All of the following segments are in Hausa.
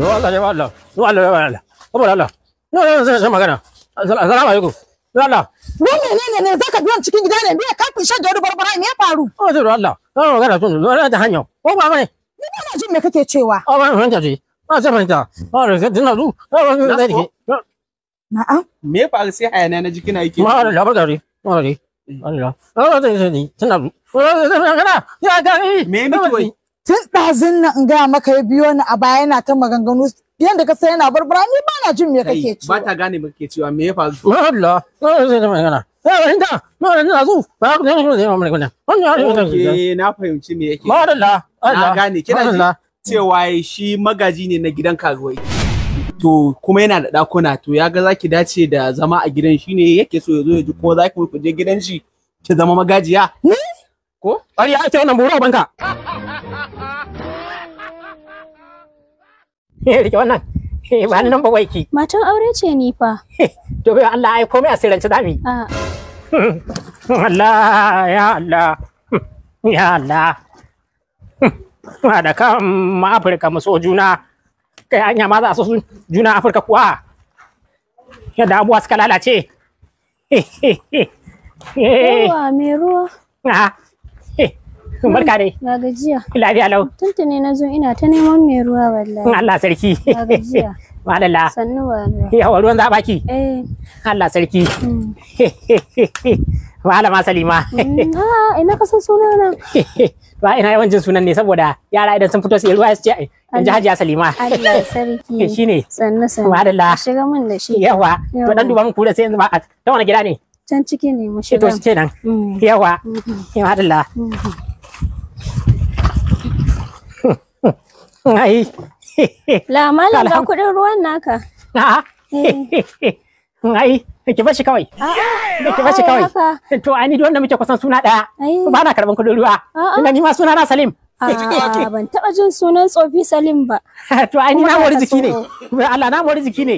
No, Allah no, Allah. no, Allah no, Allah. no, Allah. No no zan no, magana. no, alaikum. no, Allah. Ne ne ne ne zaka no, cikin gida ne no, ka no, da no, barbara no, ya faru? Oh no, Allah. Oh no, tun no, da no, Ko no, mai. no, ba no, jin no, kake no, Oh no, mun no, Ba no, mun ta. Oh no, dinga no, Oh no, dinga. no, Me no, faru no, hayana no, ji no, yake. no, Allah no, gari. no, Allah. Allah. no, zai no, Tana no, Oh no, dinga. no, gari. no, mutuwai? tun ɗazin nan in gaya maka ya biyo ni a baya yana ta maganganu yadda ka sai yana barbara ni ba na jin me kake cewa ba ta gane kake me ya faru Allah sai ta magana na fahimci me yake ba Allah na gane kina cewa shi magaji ne na gidan karuwai to kuma yana da ɗakuna to ya ga zaki dace da zama a gidan shi ne yake so ya zo ya ji ko zaki ku je gidan shi ki zama magajiya ko ya ake wannan buru banka rike wannan ba ni nan ba wai ki matan aure ce ni fa to bai Allah ai komai a sirrance dami hmm, hmm, Allah ya Allah hmm, ya Allah da kan ma Afirka mu so juna kai anya ma za su juna Afirka kuwa yadda abuwa suka lalace Yawa mai ruwa. barka dai na gajiya lafiya lau tuntune na zo ina ta neman mai ruwa wallahi Allah sarki na gajiya Malala. Sannu wa Yawa ruwan zaɓa ki? Eh. Allah sarki. Mm. Malama Salima. Aa! Mm, ina ka san sunana. Ba ina yawan jin sunan ne saboda yara idan sun fito su ruwa su ce in ji Hajiya Salima. Allah sarki. Shi ne. Sannu sannu. Malala. Shiga mun da shi. Yawa. To dan duba min kura sai yanzu ba ta wani gida ne? Can ciki ne mu eh, shiga. To shi kenan. Mm. Yawa. Malala. Mm-hmm. Mm-hmm. Ai. La malam ga kuɗin ruwan naka. Eh. Ai, ki bashi kawai. Ki bashi kawai. To ai ni duk wanda muke kusan suna ɗaya. Ba na karɓan kuɗin ruwa. Ina ni ma suna na Salim. ban taɓa jin sunan tsofi Salim ba. To ai ni na mori jiki ne. Allah na mori jiki ne.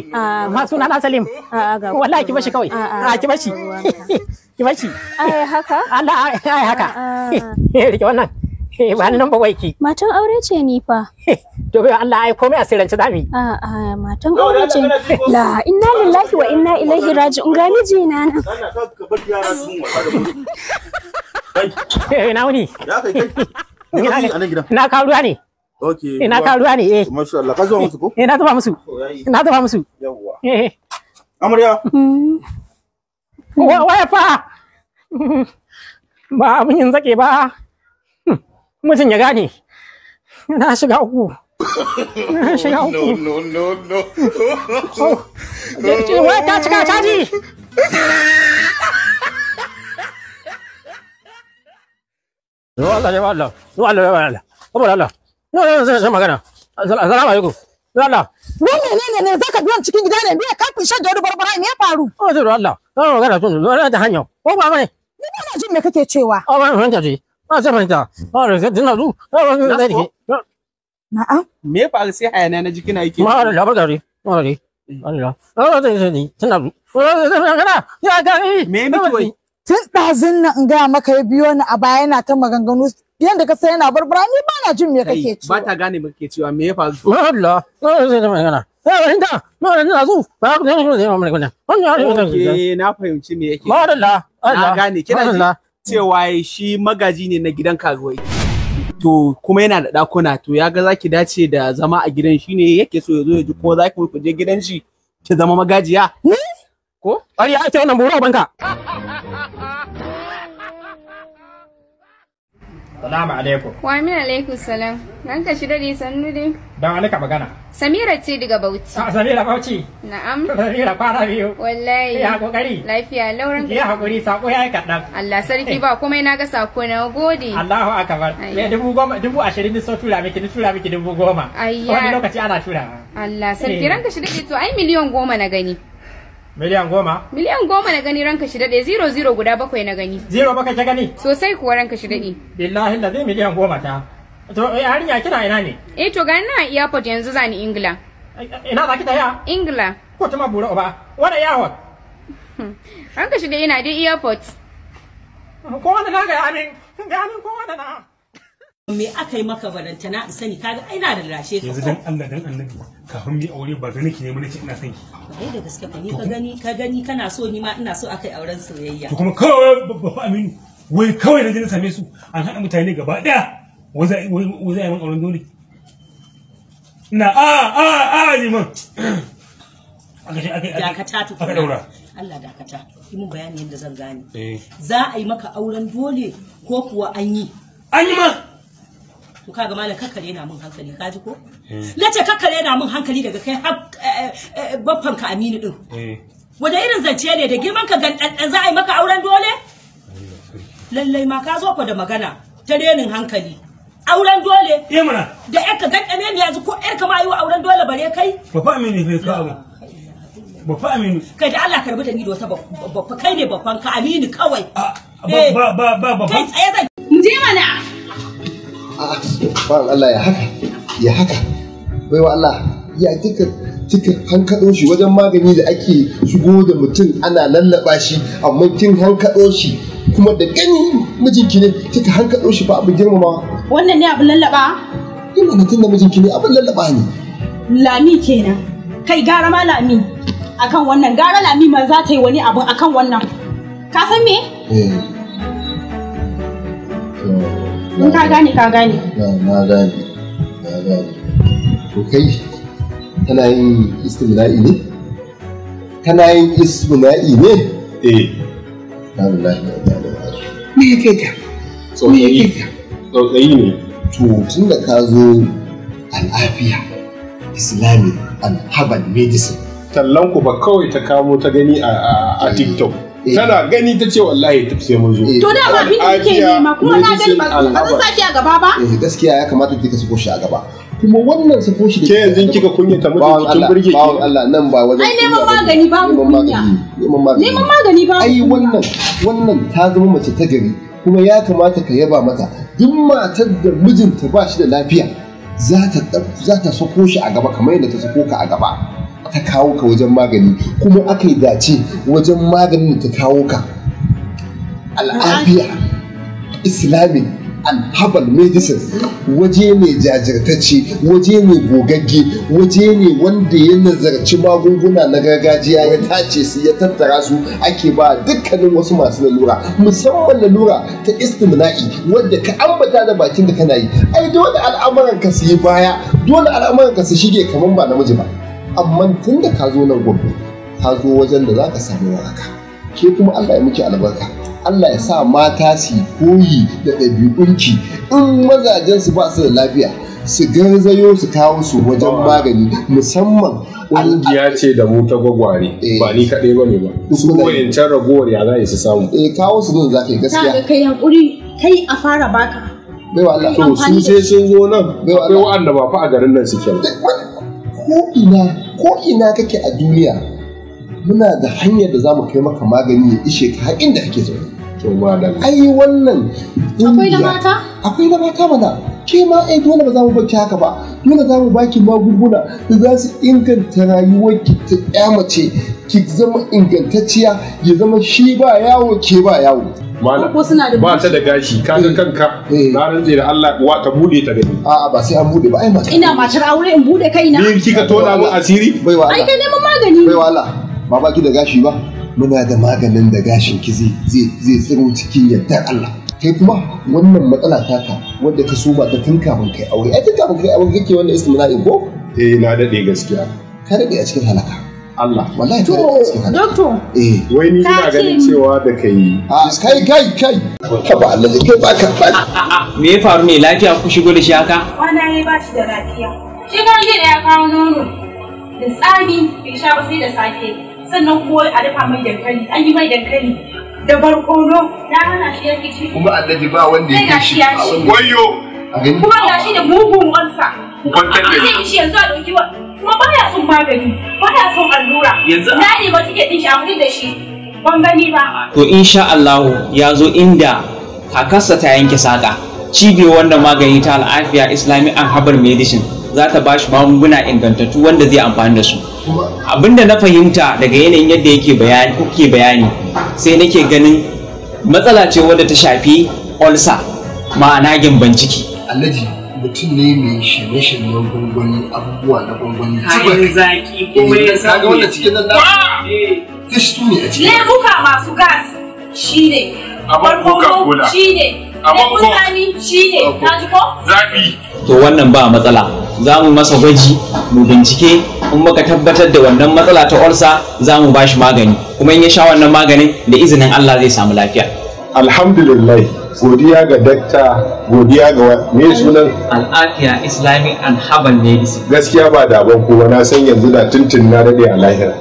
Ma suna na Salim. A'a. Wallahi ki bashi kawai. A ki bashi. Ki bashi. Ai haka? Allah ai haka. Rike wannan. Eh, ba nan ba wai ki matan aure ce ni fa to bai Allah ai komai a sirrance zamu a a matan aure ce la inna lillahi wa inna ilaihi raji'un ga miji na nan eh na wuni ya kai kai na ka ruwa ne Okay. na ka ruwa ne eh. Masha Allah ka zuba musu ko? Eh na zuba musu. Na zuba musu. Yawwa. Eh. eh. Amarya. Wa wa fa. Ba mun yin zake ba. mutum ya gane na shiga uku na shiga uku no oh, ta cika caji Yo ya Allah, yo Allah ya Allah. Kuma Allah. No no sai magana. Assalamu alaikum. Yo Allah. Ne ne ne ne zaka duwan cikin gida ne me ka fishe da wani barbara ne ya faru? Oh Allah. No magana tun ta hanya. Ko ba mai. Ni ba na jin me kake cewa. Oh ba mai ji. ba sai fahimta ba da zai dinna zu da dike na'am me fa sai hayana na jikina yake ma da labar gari ma da Allah Allah zai zai dinna zu ya ga me me wai tun ɗazin nan in gaya maka ya biyo ni a baya yana ta maganganu yadda ka sai yana barbara ni ba na jin me kake cewa ba ta gane me cewa me ya faru Allah sai da magana eh inda ma da na zu ba ku ne ne ma ne na fahimci me yake ba Allah Allah gane kina cewa shi magaji ne na gidan karuwai to kuma yana da ɗakuna, to ya ga zaki dace da zama a gidan shi ne yake so ya zo ya ji ko zaki ku je gidan shi ki zama magajiya hmm? ko ya ce wannan buru banka Salamu alaikum. Wa min alaikum salam. Nan ka shi dare sannu dai. Dan wani ka magana. Samira ce daga Bauchi. Ah Samira Bauchi. Na'am. Samira fara biyo. Wallahi. Ya kokari. Lafiya lauran ka. Ya hakuri sako yayi kadan. Allah sarki ba komai na ga sako na gode. Allahu akbar. Me dubu goma dubu 20 so tura miki ni tura miki dubu goma. Ayya. Wani lokaci ana tura. Allah sarki eh. ranka shi dake to ai miliyan goma na gani. Miliyan goma? Miliyan goma na gani ranka shi daɗe, zero zero guda bakwai na gani. Zero bakwai ta gani? Sosai kuwa ranka shi daɗe. Billahi da zai miliyan goma ta. To, eh, ya kina ina ne? Eh, to gani na airport yanzu za ni Ingila. Eh, eh, ina za ki ta ya? Ingila. Ko ta ma bura ba? Wani airport? Ranka shi daɗe na dai airport. Ko wani na ga amin, ga amin ko wani na. me aka yi maka barantana in sani kaga ina da lashe ka yanzu dan Allah dan annabi kafin mi aure ba gani ki ne mun ce ina son ki kai da gaske ba ni ka gani ka gani kana so ni ma ina so akai auren soyayya to kuma kawai fa aminu wai kawai na je na same su an haɗa mutane gaba daya wai za a yi auren dole ina a a a liman dakata daura Allah dakata yi mun bayani yadda zan gane eh. za a yi maka auren dole ko kuwa an yi an yi ma to kaga malam kakkare na mun hankali ka ji ko eh. nace kakkare na mun hankali daga kai eh, eh, baffan ka Aminu din wanda irin zance ne da girman ka gandan za a yi maka auren dole lallai ma ka zo ku da magana ta renin hankali auren dole da yar ka gandane ne yanzu ko yar ka ma yi wa auren dole bare kai bafa Aminu ne ka abu bafa Aminu kai da Allah karbi da ni da wata bafa kai ne baffan ka Aminu kawai ah, ba ba ba ba kai tsaye zan je mana a'a ba Allah ya haka ya haka baiwa Allah ya cika kika hankaɗo shi wajen magani da ake shigo da mutum ana lallaba shi amma kin hankado shi kuma da gani mijinki ne kika hankado shi ba abin girmama wannan ne abin lallaba ina da mijinki ne abin lallaba ne lami kenan kai gara ma lami akan wannan gara lami ma za ta yi wani abu akan wannan ka san me eh in ka gane ka gane na gane na gane to kai tana yin istimla'i ne tana yin istimla'i ne eh na wallahi na gane me yake ta me yake ta tsautsayi ne to tun da ka zo al'afiya islami and herbal medicine tallan ku ba kawai ta kamo ta gani a tiktok Eh. tana gani ta ce wallahi duk sai mun zo eh. to da ba bin da kike nema kuma na gani ba zan sa shi a gaba ba eh gaskiya ya kamata kika sako shi a gaba kuma wannan sako shi ke yanzu kika kunya ta mutum kin burge ki bawon Allah nan ba wajen ai neman magani ba mu kunya neman magani ba ai wannan wannan ta zama mace ta gari kuma ya kamata ka yaba mata duk matar da mijinta ba shi da lafiya za ta sako shi a gaba kamar yadda ta sako ka a gaba ta kawo ka wajen magani kuma aka yi dace wajen maganin da ta kawo ka al'afiya islamic and herbal medicine waje ne jajirtacce waje ne gogagge waje ne wanda ya nazarci magunguna na gargajiya ya tace su ya tattara su ake ba dukkanin wasu masu lalura musamman lalura ta istimna'i wadda ka ambata da bakin da kana yi ai dole al'amuranka su yi baya dole al'amuranka su shige kamar ba namiji ba amma tun da ka zo nan gobe ka zo wajen da za ka samu waraka ke kuma Allah ya miki albarka Allah ya sa mata su koyi da ɗabi'unki in mazajen su ba su da lafiya su garzayo su kawo su wajen magani musamman ƙungiya ce da mu ta gwagware eh. ba ni kaɗai ba ne ba su wayancan ragowar ya za su samu eh kawo su nan za ka yi gaskiya ka kai hakuri kai a fara baka bai wa Allah to su sai sun zo nan akwai Allah ba fa a garin nan suke ba ko ina ko ina kake a duniya muna da hanyar da za mu kai maka magani ya ishe ka har inda kake zaune ai wannan akwai da mata akwai da mata mana ke ma ai dole ba za mu baki haka ba dole za mu baki magunguna da za su inganta rayuwar ki ta ya mace ki zama ingantacciya ya zama shi ba yawo ke ba yawo suna da ba ta da gashi ka ga eh. kanka na eh. rantse da Allah wa ka bude ta gani a'a ba sai an bude ba ai mata ina matar aure in bude kaina ni kika tona mu asiri bai wa ai ka neman magani bai wa Allah ba ba ki da gashi ba muna da maganin da gashin ki zai zai zai tsiro cikin yadda Allah kai kuma wannan matsala taka wadda ka soba ta tun kafin kai aure ai tun kafin kai aure kake wannan istimna'in ko eh na dade gaskiya ka dade a cikin halaka Allah wallahi to doctor eh wai ni ina ganin cewa da kai a ah, kai kai kai ka ba Allah kai ba ka ba me ya faru ne lafiya ku shigo da shi haka kwana yi ba shi da lafiya shi kan ji da ya kawo nono da tsami bai sha ba sai da sake sannan kuma a dafa mai dankali an yi mai dankali da barkono na hana shi yake ci kuma ji ba wanda ya ci wayo kuma shi da mugun wansa kwantar da shi yanzu a dauki wa kuma ba son magani son allura na ne ba din shi da shi ban gani ba to insha Allah ya zo inda kakarsa ta yanke saka cibiyar wanda magani ta al'afiya islami an Habar medicine za ta ba shi magunguna ingantattu wanda zai amfani da su abinda na fahimta daga yanayin yadda yake bayani kuke bayani sai nake ganin matsala ce wadda ta shafi olsa ma'ana gyamban ciki mutum ne mai shirye-shiryen gwangwani abubuwa na gwangwani kayan zaki komai da sauki eh, kaga wanda cikin nan na fish eh, stew ne a cikin lebuka masu gas shine amma coca shi shine amma ko shine kaji ko zafi to wannan ba matsala za mu masa gwaji mu bincike in muka tabbatar da wannan matsala ta ulsa, za mu ba shi magani kuma in ya sha wannan maganin da izinin Allah zai samu lafiya alhamdulillah godiya ga dakta godiya ga me sunan al'afiya islamic and herbal medicine gaskiya ba da ban kowa na san yanzu da tuntun na dade a lahira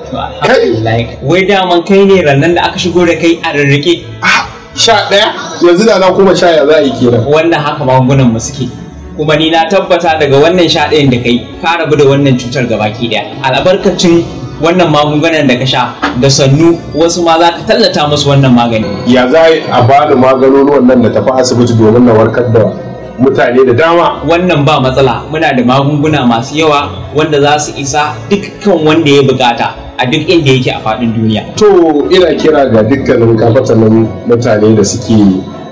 kai wai daman kai ne rannan da aka shigo da kai a rarrake ah, sha daya yanzu da na kuma sha ya za a yi kenan wanda haka magungunan mu suke kuma ni na tabbata daga wannan sha ɗayan da kai ka rabu da wannan cutar gabaki daya albarkacin wannan magungunan da ka sha da sannu wasu ma za ka tallata musu wannan magani ya za a ba da maganin nan da tafi asibiti domin na warkar da mutane da dama wannan ba matsala muna da magunguna masu yawa wanda za su isa dukkan wanda ya bukata a duk inda yake a faɗin duniya to ina kira ga dukkanin kafatanin mutane da suke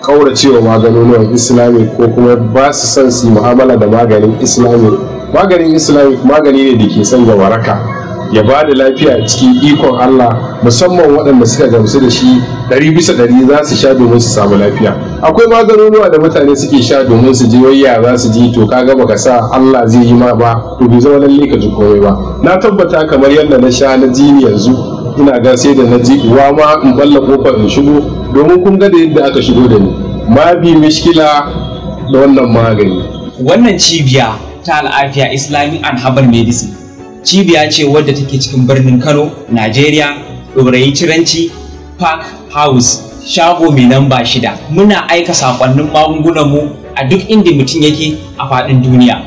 kauracewa maganonuwan islami ko kuma ba su son su mu'amala da maganin islami maganin islami magani ne da ke sanya waraka ya ba da lafiya cikin ikon Allah musamman waɗanda suka gamsu da shi ɗari bisa ɗari za su sha domin su samu lafiya akwai maganonuwa da mutane suke sha domin su ji wayya za su ji to kaga baka sa Allah zai yi ma ba to bai zama lalle ka ji komai ba na tabbata kamar yadda na sha na ji yanzu ina ga sai da na ji uwa ma in balla kofar in shigo domin kun ga da yadda aka shigo da ni ma bi mishkila da wannan magani wannan cibiya ta al'afiya islamic and herbal medicine cibiya ce wadda take cikin birnin kano najeriya ɗorayi ciranci park house shago mai lamba shida muna aika sakonnin mu a duk inda mutum yake a faɗin duniya